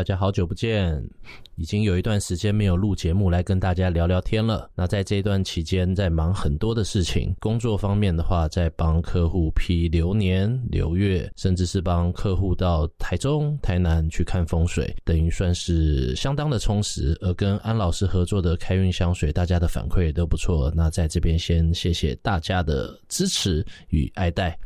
大家好久不見，已經有一段時間沒有錄節目來跟大家聊聊天了。那在這段期間，在忙很多的事情，工作方面的話，在幫客戶批流年、流月，甚至是幫客戶到台中、台南去看風水，等於算是相當的充實。而跟安老師合作的開運香水，大家的反饋也都不錯。那在這邊先謝謝大家的支持與愛戴。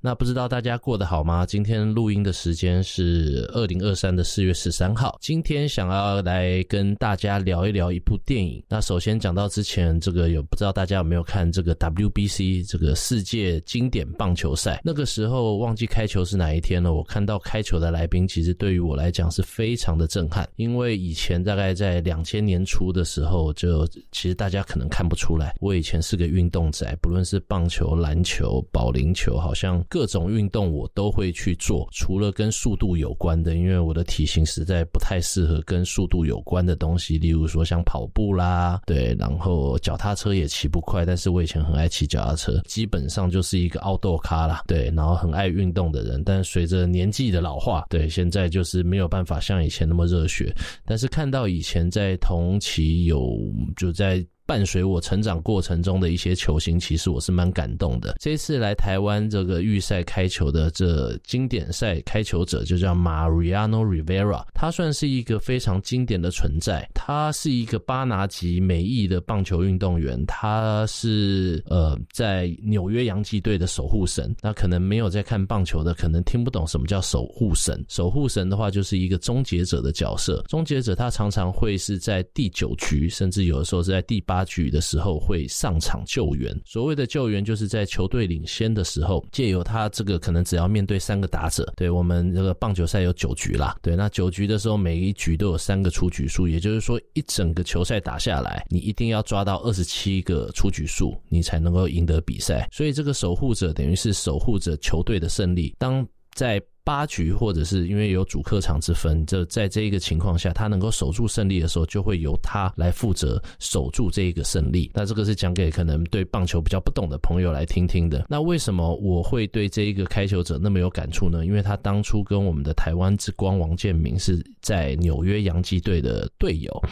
那不知道大家過得好嗎？今天錄音的時間是二零二三的四月十三號。今天想要來跟大家聊一聊一部電影。那首先講到之前這個，有不知道大家有沒有看這個 WBC 這個世界經典棒球賽？那個時候忘記開球是哪一天了。我看到開球的來賓，其實對於我來講是非常的震撼，因為以前大概在兩千年初的時候，就其實大家可能看不出來，我以前是個運動宅，不論是棒球、籃球、保齡球，好像。各種運動我都會去做，除了跟速度有關的，因為我的體型實在不太適合跟速度有關的東西，例如說像跑步啦，對，然後腳踏車也騎不快，但是我以前很愛騎腳踏車，基本上就是一個 outdoor 咖啦，對，然後很愛運動的人，但隨着年紀的老化，對，現在就是沒有辦法像以前那麼熱血，但是看到以前在同期有就在。伴隨我成長過程中的一些球星，其實我是蠻感動的。這次來台灣這個預賽開球的這經典賽開球者就叫 Mariano Rivera，他算是一個非常經典的存在。他是一個巴拿基美裔的棒球運動員，他是呃在紐約洋基隊的守護神。那可能沒有在看棒球的，可能聽不懂什麼叫守護神。守護神的話，就是一個終結者的角色。終結者他常常會是在第九局，甚至有的時候是在第八。八局的時候會上場救援，所謂的救援就是在球隊領先的時候，借由他這個可能只要面對三個打者，對，我們這個棒球賽有九局啦，對，那九局的時候每一局都有三個出局數，也就是說一整個球賽打下來，你一定要抓到二十七個出局數，你才能夠贏得比賽。所以這個守護者等於是守護着球隊的勝利。當在八局或者是因為有主客場之分，這在這一個情況下，他能夠守住勝利的時候，就會由他來負責守住這一個勝利。那這個是講給可能對棒球比較不懂的朋友來聽聽的。那為什麼我會對這一個開球者那麼有感觸呢？因為他當初跟我們的台灣之光王建民是在紐約洋基隊的隊友。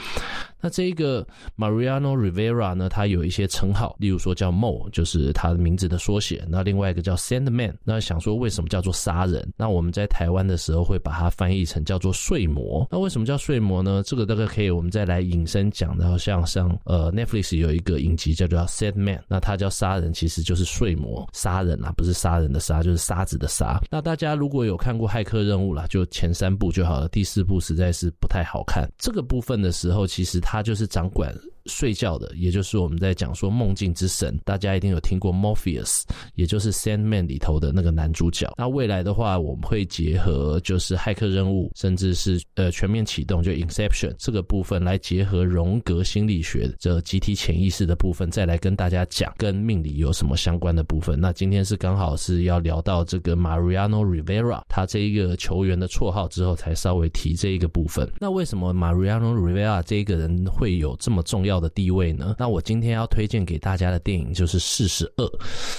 那這個 Mariano Rivera 呢？他有一些稱號，例如說叫 Mo，就是他的名字的縮寫。那另外一個叫 Sandman。那想說為什麼叫做殺人？那我們在台灣的時候會把它翻譯成叫做睡魔。那為什麼叫睡魔呢？這個大概可以我們再來引申講到，像像呃 Netflix 有一個影集叫做 Sandman，那它叫殺人其實就是睡魔殺人啊，不是殺人的殺，就是沙子的沙。那大家如果有看過《駭客任務》啦，就前三部就好了，第四部實在是不太好看。這個部分的時候，其實他。他就是掌管。睡覺的，也就是我們在講說夢境之神，大家一定有聽過 Morpheus，也就是 Sandman 裡頭的那個男主角。那未來的話，我們會結合就是駭客任務，甚至是呃全面啟動就 Inception 這個部分來結合榮格心理學的集體潛意識的部分，再來跟大家講跟命理有什麼相關的部分。那今天是剛好是要聊到這個 Mariano Rivera 他這一個球員的綽號之後，才稍微提這一個部分。那為什麼 Mariano Rivera 這一個人會有這麼重要的地位呢？那我今天要推薦給大家的電影就是四十二，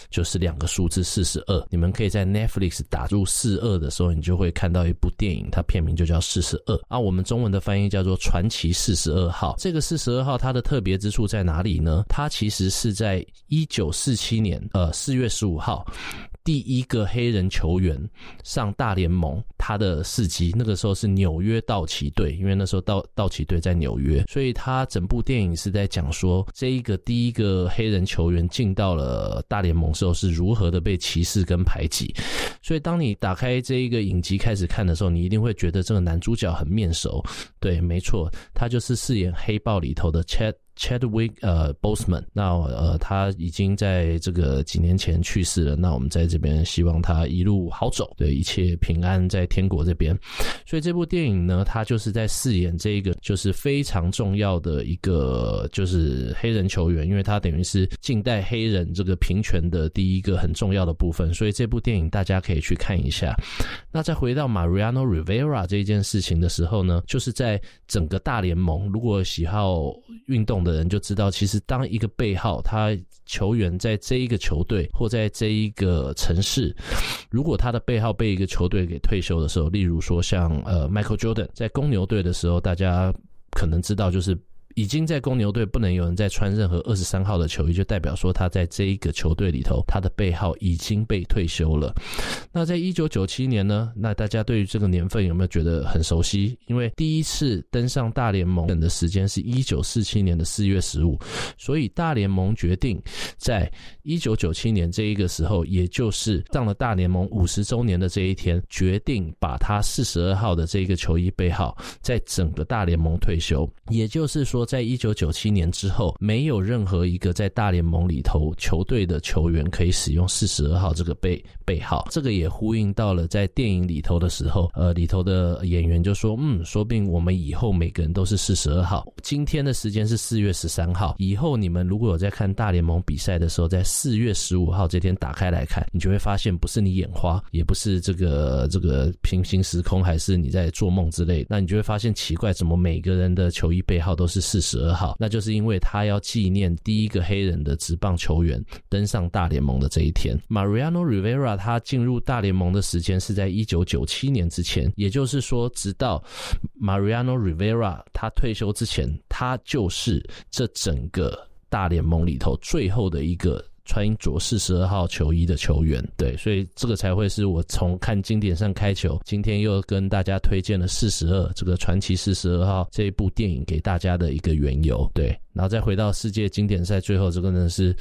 就是兩個數字四十二。你們可以在 Netflix 打入四二的時候，你就會看到一部電影，它片名就叫四十二啊。我們中文的翻譯叫做《傳奇四十二號》。這個四十二號它的特別之處在哪裡呢？它其實是在一九四七年呃四月十五號。第一個黑人球員上大聯盟，他的事蹟，那個時候是紐約道奇隊，因為那時候道道奇隊在紐約，所以他整部電影是在講說這一個第一個黑人球員進到了大聯盟之後是如何的被歧視跟排擠，所以當你打開這一個影集開始看的時候，你一定會覺得這個男主角很面熟，對，沒錯，他就是飾演黑豹裡頭的 Chet。Chadwick 呃 Boseman 那，呃，他已經在這個幾年前去世了。那我們在這邊希望他一路好走，對，一切平安在天國這邊。所以這部電影呢，他就是在飾演這一個就是非常重要的一個就是黑人球員，因為他等於是近代黑人這個平權的第一個很重要的部分。所以這部電影大家可以去看一下。那再回到 Mariano Rivera 這件事情的時候呢，就是在整個大聯盟，如果喜好運動的的人就知道，其實當一個背號，他球員在這一個球隊或在這一個城市，如果他的背號被一個球隊給退休的時候，例如說像呃 Michael Jordan 在公牛隊的時候，大家可能知道就是。已經在公牛隊不能有人再穿任何二十三號的球衣，就代表說他在這一個球隊裡頭，他的背號已經被退休了。那在一九九七年呢？那大家對於這個年份有沒有覺得很熟悉？因為第一次登上大聯盟的時間是一九四七年的四月十五，所以大聯盟決定在一九九七年這一個時候，也就是上了大聯盟五十周年的這一天，決定把他四十二號的這個球衣背號在整個大聯盟退休，也就是說。在一九九七年之後，沒有任何一個在大聯盟裡頭球隊的球員可以使用四十二號這個背背號。這個也呼應到了在電影裡頭的時候，呃，裡頭的演員就說：“嗯，說不定我們以後每個人都是四十二號。”今天的時間是四月十三號，以後你們如果有在看大聯盟比賽的時候，在四月十五號這天打開來看，你就會發現不是你眼花，也不是這個這個平行時空，還是你在做夢之類。那你就會發現奇怪，怎麼每個人的球衣背號都是四。十二號，那就是因為他要紀念第一個黑人的職棒球員登上大聯盟的這一天。Mariano Rivera 他進入大聯盟的時間是在一九九七年之前，也就是說，直到 Mariano Rivera 他退休之前，他就是這整個大聯盟裡頭最後的一個。穿著四十二號球衣的球員，對，所以這個才會是我從看經典上開球，今天又跟大家推薦了四十二這個傳奇四十二號這一部電影給大家的一個緣由，對，然後再回到世界經典賽，最後這個呢是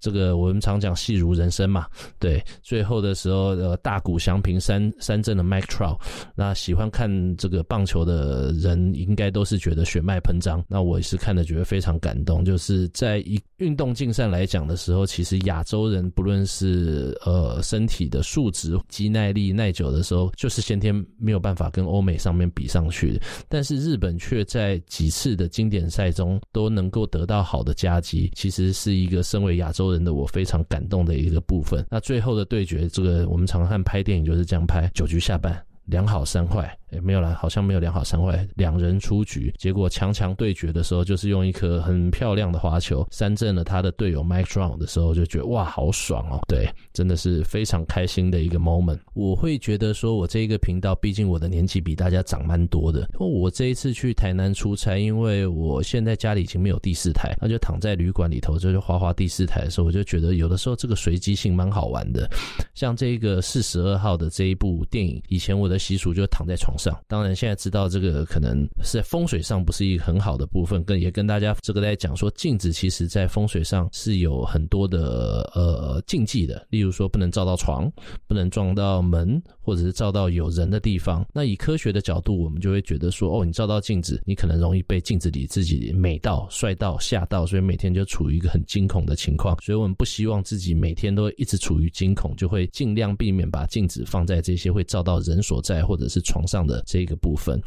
這個我們常講戲如人生嘛，對，最後的時候呃大谷翔平三三振的 Mike Trout，那喜歡看這個棒球的人應該都是覺得血脈噴張，那我也是看了覺得非常感動，就是在以運動競賽來講的時候，其其實亞洲人，不論是呃身體的素質、肌耐力、耐久的時候，就是先天沒有辦法跟歐美上面比上去的。但是日本卻在幾次的經典賽中都能夠得到好的佳績，其實是一個身為亞洲人的我非常感動的一個部分。那最後的對決，這個我們常看拍電影就是這樣拍，九局下半，兩好三壞。也沒有啦，好像沒有兩好三壞，兩人出局。結果強強對決的時候，就是用一顆很漂亮的滑球三振了他的隊友 Mike Trout 的時候，就覺得哇，好爽哦！對，真的是非常開心的一個 moment。我會覺得說，我這一個頻道，畢竟我的年紀比大家長蠻多的。因為我這一次去台南出差，因為我現在家裡已經沒有第四台，那就躺在旅館裡頭，就是滑滑第四台的時候，我就覺得有的時候這個隨機性蠻好玩的。像這個四十二號的這一部電影，以前我的習俗就躺在床上。當然，現在知道這個可能是在風水上不是一個很好的部分，跟也跟大家這個在講說鏡子，其實在風水上是有很多的呃禁忌的，例如說不能照到床，不能撞到門，或者是照到有人的地方。那以科學的角度，我們就會覺得說，哦，你照到鏡子，你可能容易被鏡子裡自己美到、帥到、嚇到，所以每天就處於一個很驚恐的情況。所以我們不希望自己每天都一直處於驚恐，就會盡量避免把鏡子放在這些會照到人所在或者是床上的這個部分，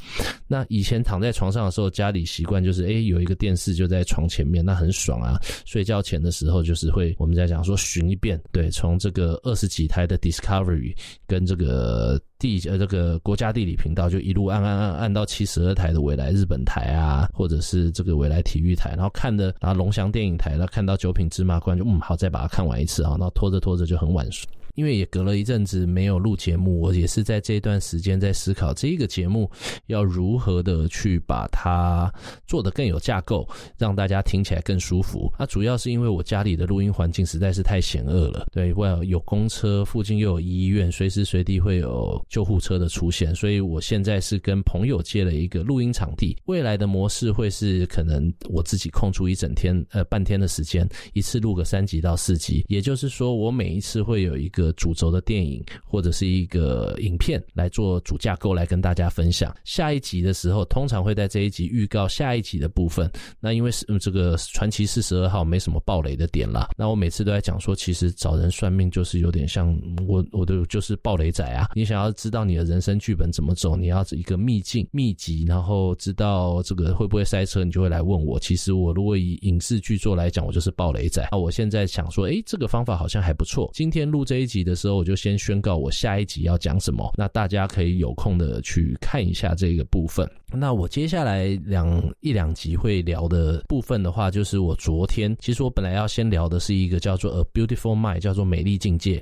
那以前躺在床上的時候，家裡習慣就是，哎，有一個電視就在床前面，那很爽啊。睡覺前的時候，就是會我們在講說巡一遍，對，從這個二十幾台的 Discovery 跟這個地呃這個國家地理頻道，就一路按按按按，按到七十二台的未來日本台啊，或者是這個未來體育台，然後看的，然後龍祥電影台，然後看到九品芝麻官就，就嗯好，再把它看完一次啊，那拖着拖着就很晚睡。因為也隔了一陣子沒有錄節目，我也是在這段時間在思考這一個節目要如何的去把它做得更有架構，讓大家聽起來更舒服。那、啊、主要是因為我家裡的錄音環境實在是太險惡了，對，外有公車，附近又有醫院，隨時隨地會有救護車的出現，所以我現在是跟朋友借了一個錄音場地。未來的模式會是可能我自己空出一整天，呃，半天的時間，一次錄個三集到四集，也就是說，我每一次會有一個。主軸的電影或者是一個影片，來做主架構來跟大家分享。下一集的時候，通常會在這一集預告下一集的部分。那因為這個傳奇42號沒什麼暴雷的點啦，那我每次都在講說，其實找人算命就是有點像我，我都就是暴雷仔啊。你想要知道你的人生劇本怎麼走，你要一個秘境秘籍，然後知道這個會不會塞車，你就會來問我。其實我如果以影視劇作來講，我就是暴雷仔啊。那我現在想說，誒，這個方法好像還不錯。今天錄這一集。的時候，我就先宣告我下一集要講什麼，那大家可以有空的去看一下這個部分。那我接下來兩一兩集會聊的部分的話，就是我昨天其實我本來要先聊的是一個叫做《A Beautiful Mind》，叫做《美麗境界》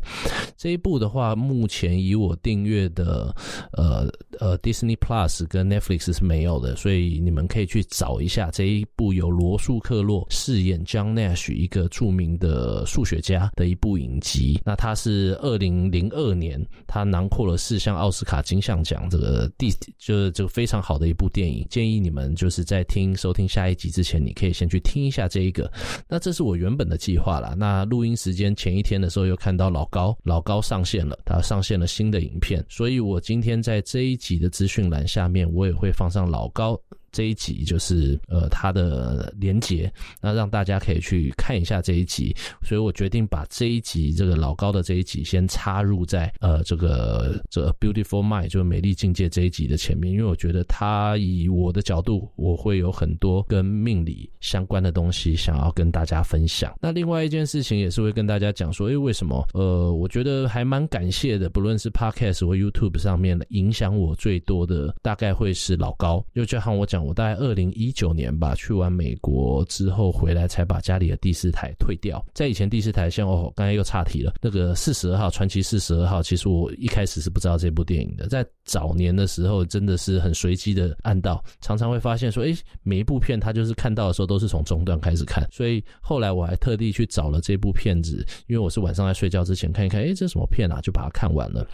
這一部的話，目前以我訂閱的呃呃 Disney Plus 跟 Netflix 是沒有的，所以你們可以去找一下這一部由羅素·克洛飾演江奈許 Nash 一個著名的數學家的一部影集。那他是二零零二年，他囊括了四項奧斯卡金像獎，這個第就是這個非常好的一部。部電影，建議你們就是在聽收聽下一集之前，你可以先去聽一下這一個。那這是我原本的計劃啦。那錄音時間前一天的時候又看到老高，老高上線了，他上線了新的影片，所以我今天在這一集的資訊欄下面，我也會放上老高。這一集就是呃他的連結，那讓大家可以去看一下這一集，所以我決定把這一集這個老高的這一集先插入在呃這個這個 Beautiful Mind 就是美麗境界這一集的前面，因為我覺得他以我的角度，我會有很多跟命理相關的東西想要跟大家分享。那另外一件事情也是會跟大家講說，哎、欸，為什麼？呃，我覺得還蠻感謝的，不論是 Podcast 或 YouTube 上面影響我最多的，大概會是老高，又就喊我講。我大概二零一九年吧，去完美國之後回來，才把家裡的第四台退掉。在以前第四台像像我剛才又岔題了。那個四十二號，傳奇四十二號，其實我一開始是不知道這部電影的。在早年的時候，真的是很隨機的按到，常常會發現說，哎、欸，每一部片他就是看到的時候都是從中段開始看。所以後來我還特地去找了這部片子，因為我是晚上在睡覺之前看一看，哎、欸，這什麼片啊，就把它看完了。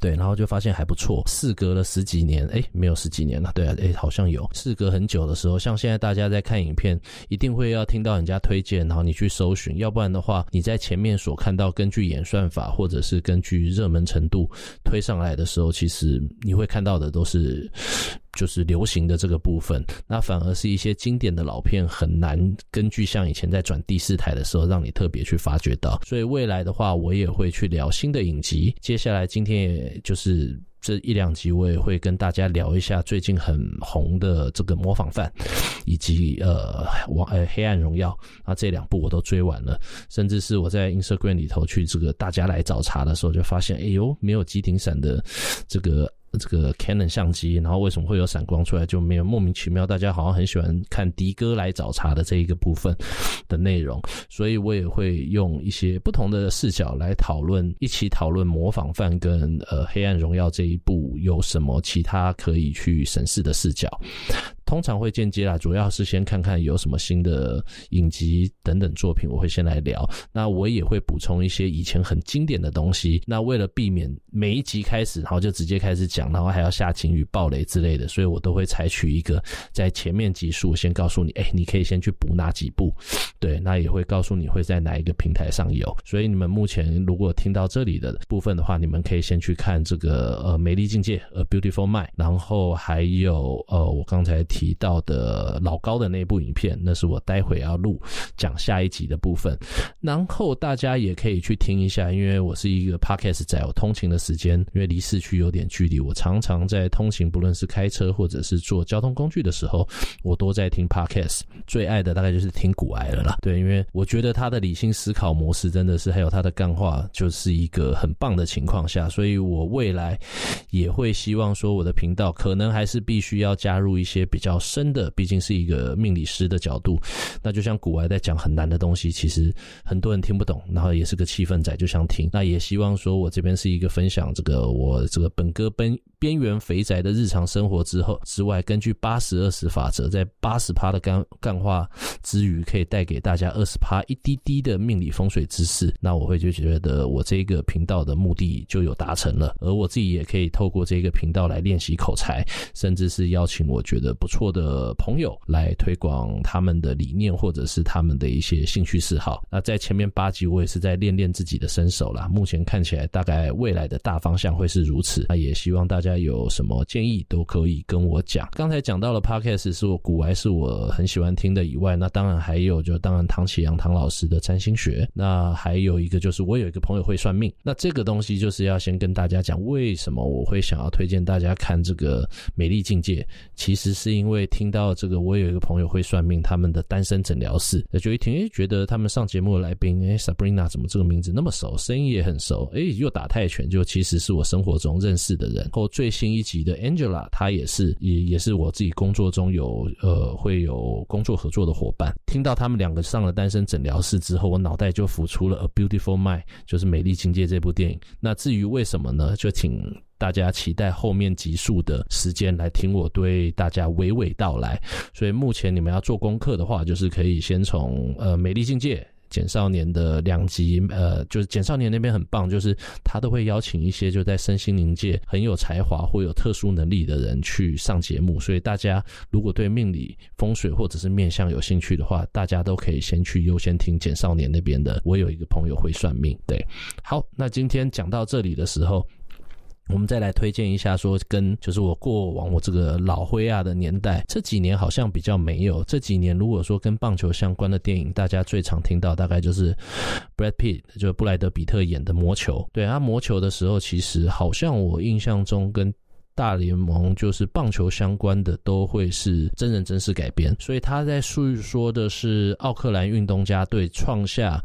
對，然後就發現還不錯。事隔了十幾年，哎，沒有十幾年了，對啊，誒，好像有。事隔很久的時候，像現在大家在看影片，一定會要聽到人家推薦，然後你去搜尋，要不然的話，你在前面所看到根據演算法或者是根據熱門程度推上來的時候，其實你會看到的都是。就是流行的這個部分，那反而是一些經典的老片很難根據像以前在轉第四台的時候，讓你特別去發掘到。所以未來的話，我也會去聊新的影集。接下來今天也就是這一兩集，我也會跟大家聊一下最近很紅的這個《模仿犯》，以及呃，王呃《黑暗榮耀》，那這兩部我都追完了，甚至是我在 Instagram 裡頭去這個大家來找茬的時候，就發現，哎呦，沒有機頂傘的這個。這個 Canon 相機，然後為什麼會有閃光出來，就沒有莫名其妙？大家好像很喜歡看迪哥來找茬的這一個部分的內容，所以我也會用一些不同的視角來討論，一起討論《模仿犯》跟呃《黑暗榮耀》這一部有什麼其他可以去審視的視角。通常會間接啦，主要是先看看有什麼新的影集等等作品，我會先來聊。那我也會補充一些以前很經典的東西。那為了避免每一集開始，然後就直接開始講，然後還要下警語爆雷之類的，所以我都會採取一個在前面集數先告訴你，哎，你可以先去補哪幾部，對，那也會告訴你會在哪一個平台上有。所以你們目前如果聽到這裡的部分的話，你們可以先去看這個呃《美麗境界》呃 A Beautiful Mind，然後還有呃我剛才。提到的老高的那部影片，那是我待會要錄講下一集的部分。然後大家也可以去聽一下，因為我是一個 podcast 仔，我通勤的時間，因為離市區有點距離，我常常在通勤，不論是開車或者是坐交通工具的時候，我都在聽 podcast。最愛的大概就是聽股癌了啦，對，因為我覺得他的理性思考模式真的是，還有他的幹話，就是一個很棒的情況下，所以我未來也會希望說，我的頻道可能還是必須要加入一些比較。較深的，畢竟是一個命理師的角度，那就像古外在講很難的東西，其實很多人聽不懂，然後也是個氣氛仔就想聽，那也希望說我這邊是一個分享，這個我這個本哥本邊緣肥宅的日常生活之後之外，根據，八十二十法則在80，在八十趴的干幹話之餘，可以帶給大家二十趴一滴滴的命理風水知識。那我會就覺得我這個頻道的目的就有達成了，而我自己也可以透過這個頻道來練習口才，甚至是邀請我覺得不錯的朋友來推廣他們的理念或者是他們的一些興趣嗜好。那在前面八集我也是在練練自己的身手啦，目前看起來大概未來的大方向會是如此。那也希望大家。有什麼建議都可以跟我講。剛才講到了 Podcast 是我古玩是我很喜歡聽的以外，那當然還有就當然唐綺陽唐老師的占星學，那還有一個就是我有一個朋友會算命，那這個東西就是要先跟大家講為什麼我會想要推薦大家看這個美麗境界，其實是因為聽到這個我有一個朋友會算命，他們的單身診療室，那就一聽誒覺得他們上節目的來賓誒 Sabrina 怎麼這個名字那麼熟，聲音也很熟，誒，又打泰拳，就其實是我生活中認識的人，最新一集的 Angela，她也是也也是我自己工作中有呃會有工作合作的夥伴。聽到他們兩個上了單身診療室之後，我腦袋就浮出了 A Beautiful Mind，就是《美麗境界》這部電影。那至於為什麼呢？就請大家期待後面集數的時間來聽我對大家娓娓道來。所以目前你們要做功課的話，就是可以先從呃《美麗境界》。簡少年的兩集，呃，就是簡少年那邊很棒，就是他都會邀請一些就在身心靈界很有才華或有特殊能力的人去上節目。所以大家如果對命理、風水或者是面相有興趣的話，大家都可以先去優先聽簡少年那邊的。我有一個朋友會算命，對。好，那今天講到這裡的時候，我們再來推薦一下，說跟就是我過往我這個老灰亞、啊、的年代，這幾年好像比較沒有。這幾年如果說跟棒球相關的電影，大家最常聽到大概就是 Brad Pitt，就是布萊德·比特演的《魔球》。對他、啊《魔球》的時候，其實好像我印象中跟大聯盟就是棒球相關的都會是真人真事改編，所以他在述說的是奧克蘭運動家隊創下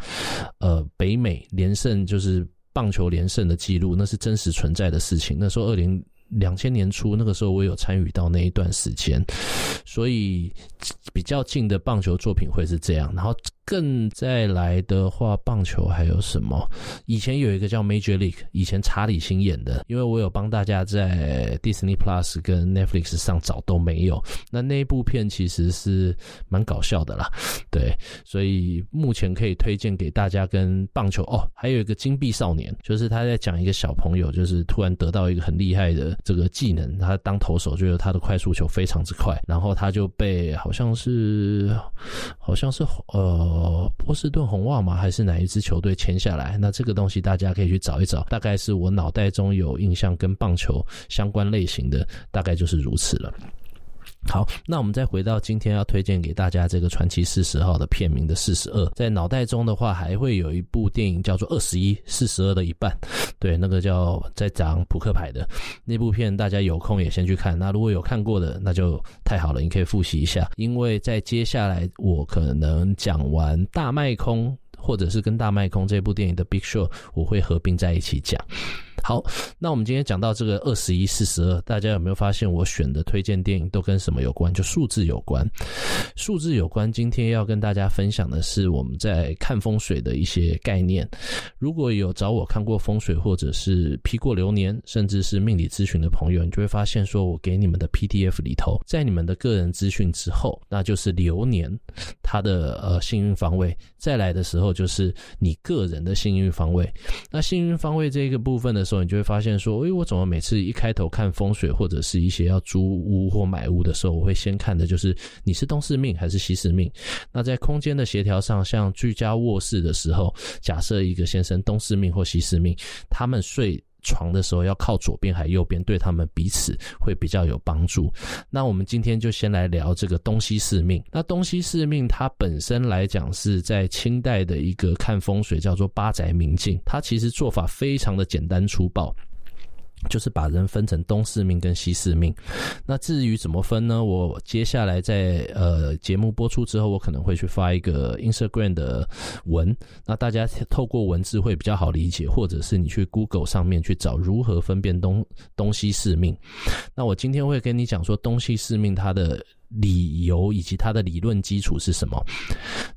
呃北美連勝，就是。棒球連勝的記錄，那是真實存在的事情。那時候二零兩千年初，那個時候我有參與到那一段時間，所以比較近的棒球作品會是這樣。然後。更再來的話，棒球還有什麼？以前有一個叫 Major League，以前查理·辛演的，因為我有幫大家在 Disney Plus 跟 Netflix 上找都沒有。那那一部片其實是蠻搞笑的啦，對。所以目前可以推薦給大家跟棒球哦，還有一個《金臂少年》，就是他在講一個小朋友，就是突然得到一個很厲害的這個技能，他當投手，覺得他的快速球非常之快，然後他就被好像是。好像是呃波士頓紅襪嗎，還是哪一支球隊簽下來？那這個東西大家可以去找一找。大概是我腦袋中有印象跟棒球相關類型的，大概就是如此了。好，那我們再回到今天要推薦給大家這個傳奇四十號的片名的四十二，在腦袋中的話，還會有一部電影叫做二十一，四十二的一半，對，那個叫在講撲克牌的那部片，大家有空也先去看。那如果有看過的，那就太好了，你可以複習一下，因為在接下來我可能講完大賣空或者是跟大賣空這部電影的 Big Show，我會合併在一起講。好，那我們今天講到這個二十一、四十二，大家有沒有發現我選的推薦電影都跟什麼有關？就數字有關，數字有關。今天要跟大家分享的是我們在看風水的一些概念。如果有找我看過風水，或者是批過流年，甚至是命理諮詢的朋友，你就會發現說我給你們的 PDF 裡頭，在你們的個人資訊之後，那就是流年它的呃幸運方位。再來的時候就是你個人的幸運方位。那幸運方位這個部分呢，時候你就會發現說，哎、欸，我怎麼每次一開頭看風水或者是一些要租屋或買屋的時候，我會先看的就是你是東四命還是西四命？那在空間的協調上，像居家臥室的時候，假設一個先生東四命或西四命，他們睡床的時候要靠左邊還右邊，對他們彼此會比較有幫助。那我們今天就先來聊這個東西四命。那東西四命它本身來講是在清代的一個看風水叫做八宅明鏡，它其實做法非常的簡單粗暴。就是把人分成東四命跟西四命，那至於怎麼分呢？我接下來在呃節目播出之後，我可能會去發一個 Instagram 的文，那大家透過文字會比較好理解，或者是你去 Google 上面去找如何分辨東東西四命。那我今天會跟你講說東西四命它的。理由以及它的理論基礎是什麼？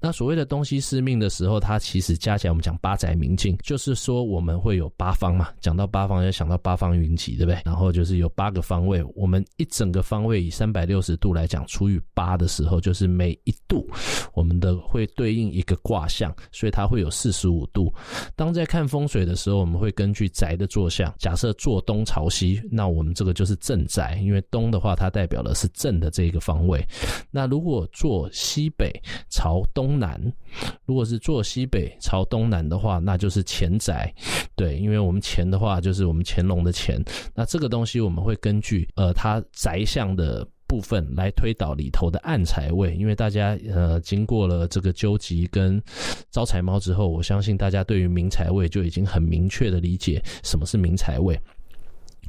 那所謂的東西四命的時候，它其實加起來我們講八宅明鏡，就是說我們會有八方嘛。講到八方，要想到八方雲集，對不對？然後就是有八個方位，我們一整個方位以三百六十度來講，除以八的時候，就是每一度我們的會對應一個卦象，所以它會有四十五度。當在看風水的時候，我們會根據宅的坐向，假設坐東朝西，那我們這個就是正宅，因為東的話它代表的是正的這個方位，那如果坐西北朝東南，如果是坐西北朝東南的話，那就是乾宅，對，因為我們乾的話就是我們乾隆的乾。那這個東西我們會根據呃它宅向的部分來推導裡頭的暗財位，因為大家呃經過了這個糾集跟招財貓之後，我相信大家對於明財位就已經很明確的理解什麼是明財位。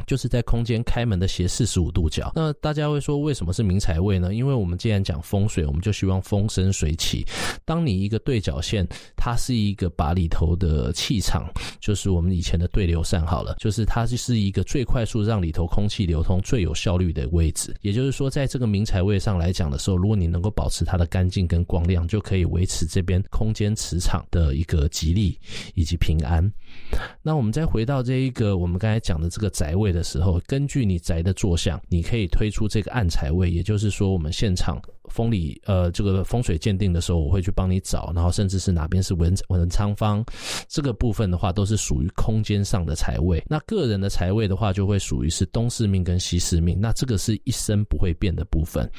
就是在空間開門的斜四十五度角。那大家會說，為什麼是明財位呢？因為我們既然講風水，我們就希望風生水起。當你一個對角線，它是一個把裡頭的氣場，就是我們以前的對流扇好了，就是它是一個最快速讓裡頭空氣流通、最有效率的位置。也就是說，在這個明財位上來講的時候，如果你能夠保持它的乾淨跟光亮，就可以維持這邊空間磁場的一個吉利以及平安。那我們再回到這一個我們剛才講的這個宅位。的時候，根據你宅的坐向，你可以推出這個暗財位，也就是說，我們現場。風裡，呃，這個風水鑑定的時候，我會去幫你找，然後甚至是哪邊是文文昌方，這個部分的話都是屬於空間上的財位。那個人的財位的話，就會屬於是東四命跟西四命。那這個是一生不會變的部分。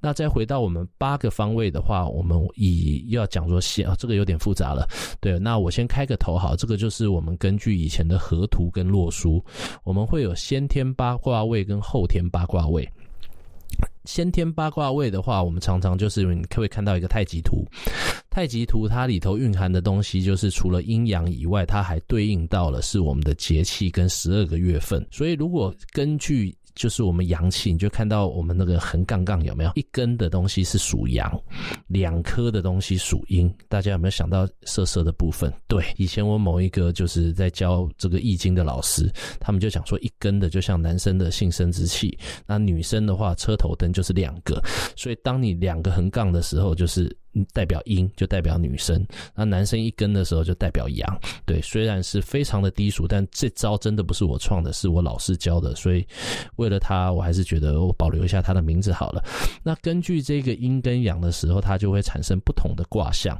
那再回到我們八個方位的話，我們以要講說先，啊，這個有點複雜了。對，那我先開個頭好，這個就是我們根據以前的河圖跟洛書，我們會有先天八卦位跟後天八卦位。先天八卦位的話，我們常常就是你可以看到一個太極圖，太極圖它裡頭蘊含的東西，就是除了陰陽以外，它還對應到了是我們的節氣跟十二個月份。所以如果根據就是我們陽氣，你就看到我們那個橫槓槓有沒有一根的東西是屬陽，兩顆的東西屬陰。大家有沒有想到色色的部分？對，以前我某一個就是在教這個易經的老師，他們就講說一根的就像男生的性生殖器，那女生的話車頭燈就是兩個，所以當你兩個橫槓的時候就是。代表陰就代表女生，那男生一根的時候就代表陽。對，雖然是非常的低俗，但這招真的不是我創的，是我老師教的。所以為了他，我還是覺得我保留一下他的名字好了。那根據這個陰跟陽的時候，它就會產生不同的卦象。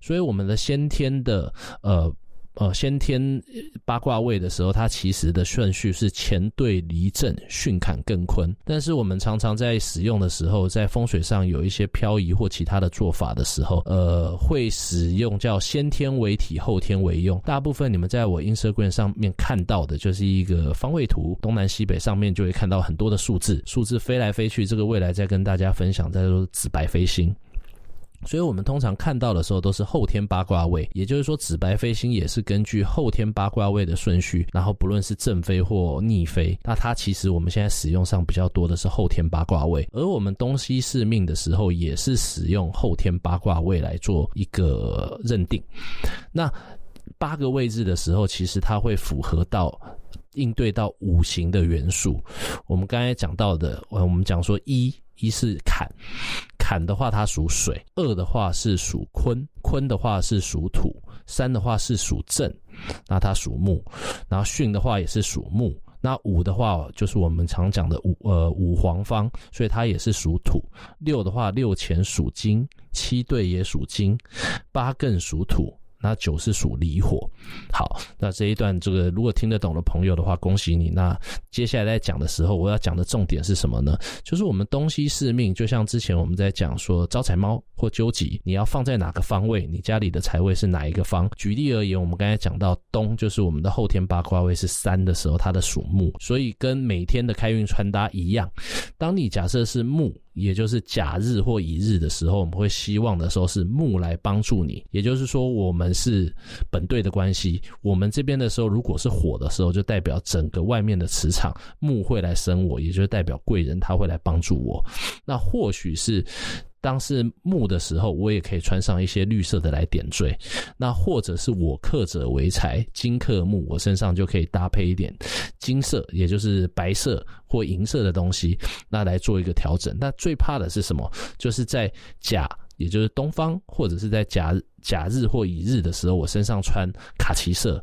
所以我們的先天的呃。呃，先天八卦位的時候，它其實的順序是乾兌離震巽坎艮坤。但是我們常常在使用的時候，在風水上有一些漂移或其他的做法的時候，呃，會使用叫先天為體，後天為用。大部分你們在我 Instagram 上面看到的就是一個方位圖，東南西北上面就會看到很多的數字，數字飛來飛去。這個未來再跟大家分享，再說紫白飛星。所以，我們通常看到的時候都是後天八卦位，也就是說，紫白飛星也是根據後天八卦位的順序，然後不論是正飛或逆飛，那它其實我們現在使用上比較多的是後天八卦位，而我們東西四命的時候也是使用後天八卦位來做一個認定。那八個位置的時候，其實它會符合到應對到五行的元素。我們剛才講到的，呃，我們講說一。一是坎，坎的話它屬水；二的話是屬坤，坤的話是屬土；三的話是屬震，那它屬木；然後巽的話也是屬木；那五的話就是我們常講的五，呃，五黃方，所以它也是屬土。六的話，六乾屬金，七兌也屬金，八艮屬土。那九是屬離火。好，那這一段這個如果聽得懂的朋友的話，恭喜你。那接下來在講的時候，我要講的重點是什麼呢？就是我們東西四命，就像之前我們在講說招財貓或糾極，你要放在哪個方位？你家裡的財位是哪一個方？舉例而言，我們剛才講到東，就是我們的後天八卦位是三的時候，它的屬木，所以跟每天的開運穿搭一樣。當你假設是木。也就是甲日或乙日的時候，我們會希望的時候是木來幫助你。也就是說，我們是本隊的關係。我們這邊的時候，如果是火的時候，就代表整個外面的磁場木會來生我，也就是代表貴人他會來幫助我。那或許是。當是木的時候，我也可以穿上一些綠色的來點綴。那或者是我克者為財，金克木，我身上就可以搭配一點金色，也就是白色或銀色的東西，那來做一個調整。那最怕的是什麼？就是在甲。也就是東方，或者是在甲甲日或乙日的時候，我身上穿卡其色、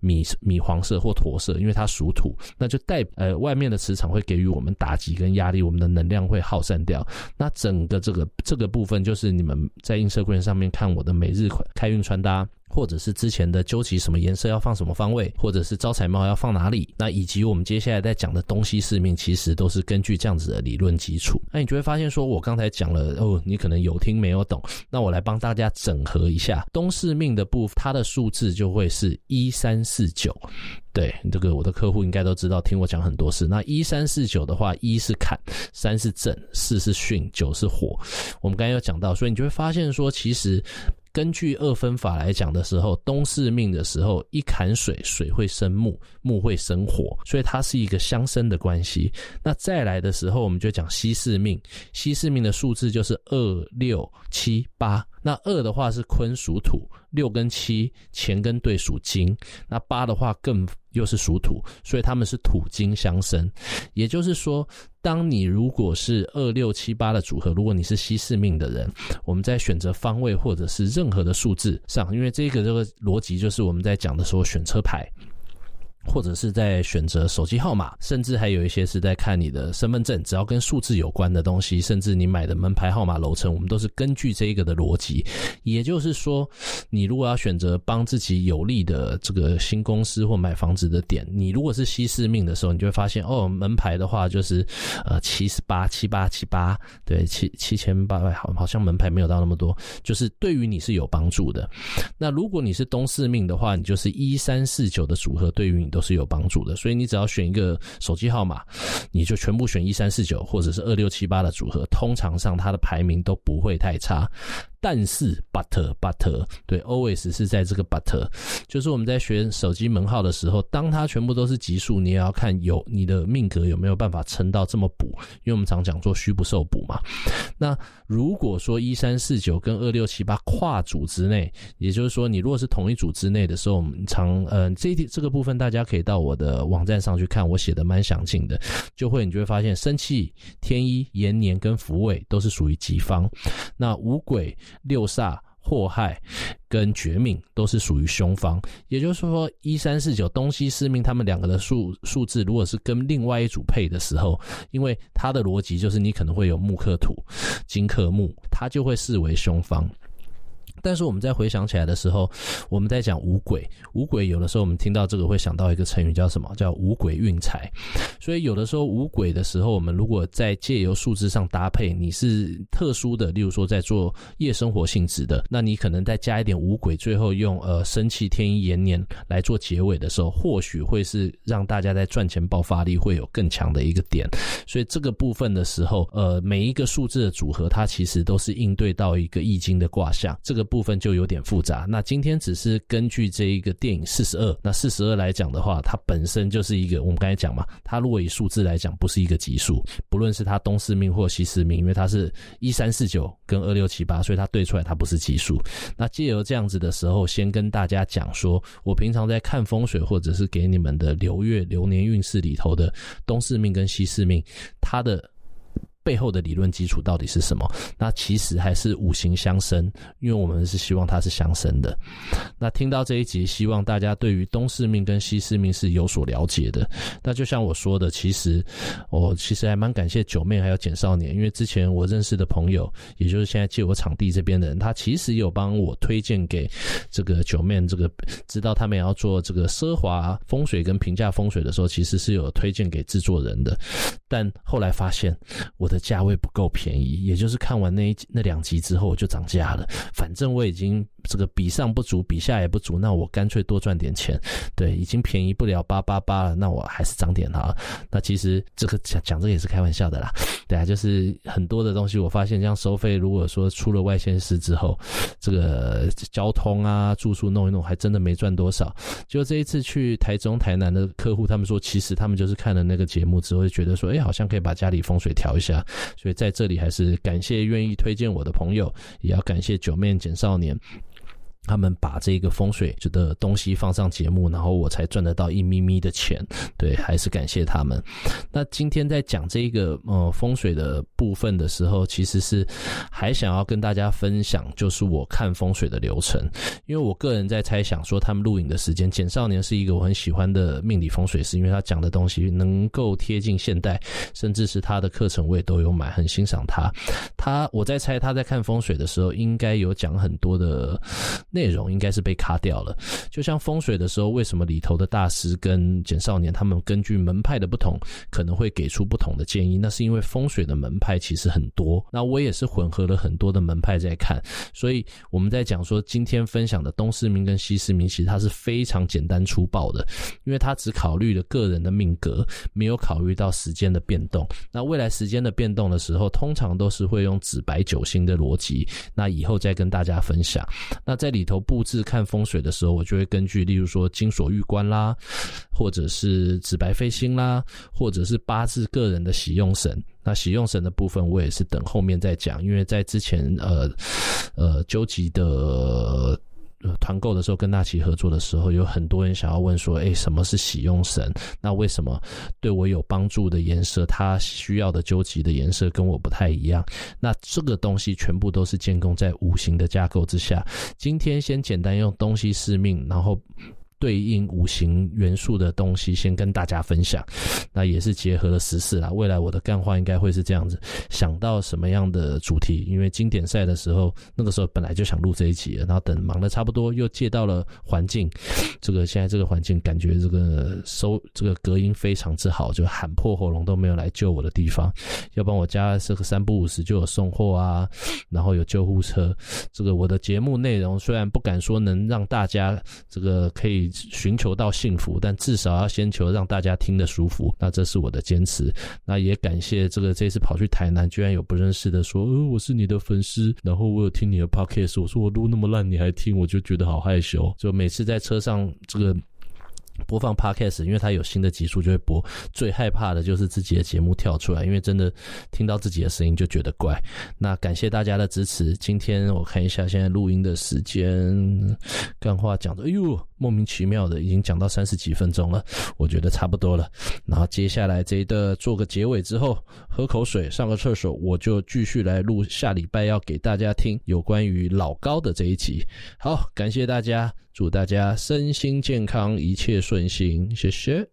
米米黃色或駝色，因為它屬土，那就代，呃，外面的磁場會給予我們打擊跟壓力，我們的能量會耗散掉。那整個這個這個部分，就是你們在映射櫃上面看我的每日開運穿搭。或者是之前的糾結什麼顏色要放什麼方位，或者是招財貓要放哪裡，那以及我們接下來在講的東西四命，其實都是根據這樣子的理論基礎。那你就會發現，說我剛才講了哦，你可能有聽沒有懂，那我來幫大家整合一下東四命的部分，它的數字就會是一三四九。對，這個我的客戶應該都知道，聽我講很多次。那一三四九的話，一是坎，三是震，四是巽，九是火。我們剛才有講到，所以你就會發現說，其實。根據二分法來講的時候，東四命的時候，一坎水，水會生木，木會生火，所以它是一個相生的關係。那再來的時候，我們就講西四命，西四命的數字就是二六七八。那二的話是坤屬土，六跟七，乾跟兌屬金，那八的話更又是屬土，所以他們是土金相生。也就是說，當你如果是二六七八的組合，如果你是西四命的人，我們在選擇方位或者是任何的數字上，因為這個這個邏輯就是我們在講的時候選車牌。或者是在選擇手機號碼，甚至還有一些是在看你的身份證。只要跟數字有關的東西，甚至你買的門牌號碼、樓層，我們都是根據這個的邏輯。也就是說，你如果要選擇幫自己有利的這個新公司或買房子的點，你如果是西四命的時候，你就會發現哦，門牌的話就是呃，七十八七八七八，78, 78, 78，對七七千八百，7, 7800，好好像門牌沒有到那麼多，就是對於你是有幫助的。那如果你是東四命的話，你就是一三四九的組合，對於都是有幫助的，所以你只要選一個手機號碼，你就全部選一三四九或者是二六七八的組合，通常上它的排名都不會太差。但是 butter butter 對 always 是在這個 butter，就是我們在學手機門號的時候，當它全部都是吉數，你也要看有你的命格有沒有辦法撐到這麼補，因為我們常講說虛不受補嘛。那如果說一三四九跟二六七八跨組之內，也就是說你如果是同一組之內的時候，我們常呃這這個部分大家可以到我的網站上去看，我寫得蠻詳盡的，就會你就會發現生氣天醫延年跟伏位都是屬於吉方，那五鬼。六煞禍害跟絕命都是屬於凶方，也就是說一三四九東西四命，他們兩個的數數字如果是跟另外一組配的時候，因為它的邏輯就是你可能會有木克土、金克木，他就會視為凶方。但是我們在回想起來的時候，我們在講五鬼，五鬼有的時候我們聽到這個會想到一個成語叫什麼？叫五鬼運財。所以有的時候五鬼的時候，我們如果在借由數字上搭配，你是特殊的，例如說在做夜生活性質的，那你可能再加一點五鬼，最後用呃生氣天醫延年來做結尾的時候，或許會是讓大家在賺錢爆發力會有更強的一個點。所以這個部分的時候，呃，每一個數字的組合，它其實都是應對到一個易經的卦象，這個。部分就有點複雜。那今天只是根據這一個電影四十二。那四十二來講的話，它本身就是一個我們剛才講嘛，它如果以數字來講，不是一個奇數。不論是它東四命或西四命，因為它是一三四九跟二六七八，所以它對出來，它不是奇數。那借由這樣子的時候，先跟大家講說，我平常在看風水或者是給你們的流月流年運勢裡頭的東四命跟西四命，它的。背後的理論基礎到底是什麼？那其實還是五行相生，因為我們是希望它是相生的。那聽到這一集，希望大家對於東四命跟西四命是有所了解的。那就像我說的，其實我、哦、其實還蠻感謝九妹還有簡少年，因為之前我認識的朋友，也就是現在借我場地這邊的人，他其實有幫我推薦給這個九妹，這個知道他們也要做這個奢華風水跟平價風水的時候，其實是有推薦給制作人的。但後來發現我的。價位不夠便宜，也就是看完那一、那兩集之後我就漲價了。反正我已經這個比上不足，比下也不足，那我乾脆多賺點錢。對，已經便宜不了八八八了，那我還是漲點好了。那其實這個講講這個也是開玩笑的啦。對啊，就是很多的東西，我發現這樣收費，如果說出了外縣市之後，這個交通啊、住宿弄一弄，還真的沒賺多少。就這一次去台中、台南的客戶，他們說其實他們就是看了那個節目之後，就覺得說，誒、欸，好像可以把家裡風水調一下。所以在這裡還是感謝願意推薦我的朋友，也要感謝九面簡少年。他們把這個風水的東西放上節目，然後我才賺得到一咪咪的錢。對，還是感謝他們。那今天在講這一個呃風水的部分的時候，其實是還想要跟大家分享，就是我看風水的流程。因為我個人在猜想說，他們錄影的時間，簡少年是一個我很喜歡的命理風水師，因為他講的東西能夠貼近現代，甚至是他的課程我也都有買，很欣賞他。他我在猜他在看風水的時候，應該有講很多的。內容應該是被卡掉了，就像風水的時候，為什麼裡頭的大師跟簡少年他們根據門派的不同，可能會給出不同的建議？那是因為風水的門派其實很多，那我也是混合了很多的門派在看，所以我們在講說今天分享的東四命跟西四命，其實它是非常簡單粗暴的，因為它只考慮了個人的命格，沒有考慮到時間的變動。那未來時間的變動的時候，通常都是會用紫白九星的邏輯，那以後再跟大家分享。那在裡。頭布置看風水的時候，我就會根據，例如說金鎖玉關啦，或者是紫白飛星啦，或者是八字個人的喜用神。那喜用神的部分，我也是等後面再講，因為在之前呃呃究極的。團購的時候跟娜琪合作的時候，有很多人想要問說：“哎、欸，什麼是喜用神？那為什麼對我有幫助的顏色，他需要的糾結的顏色跟我不太一樣？那這個東西全部都是建構在五行的架構之下。今天先簡單用東西四命，然後。”對應五行元素的東西，先跟大家分享，那也是結合了時事啦。未來我的幹話應該會是這樣子，想到什麼樣的主題，因為經典賽的時候，那個時候本來就想錄這一集了，然後等忙的差不多，又借到了環境。這個現在這個環境，感覺這個收這個隔音非常之好，就喊破喉嚨都沒有來救我的地方。要不然我家這個三不五時就有送貨啊，然後有救護車。這個我的節目內容雖然不敢說能讓大家這個可以。尋求到幸福，但至少要先求讓大家聽得舒服。那這是我的堅持。那也感謝這個這次跑去台南，居然有不認識的說，呃，我是你的粉絲，然後我有聽你的 podcast。我說我錄那麼爛你還聽，我就覺得好害羞。就每次在車上這個。播放 Podcast，因為它有新的集數就會播。最害怕的就是自己的節目跳出來，因為真的聽到自己的聲音就覺得怪。那感謝大家的支持。今天我看一下現在錄音的時間，幹話講的，哎呦，莫名其妙的已經講到三十幾分鐘了，我覺得差不多了。然後接下來這一段做個結尾之後，喝口水，上個廁所，我就繼續來錄下禮拜要給大家聽有關於老高的這一集。好，感謝大家。祝大家身心健康，一切順心，謝謝。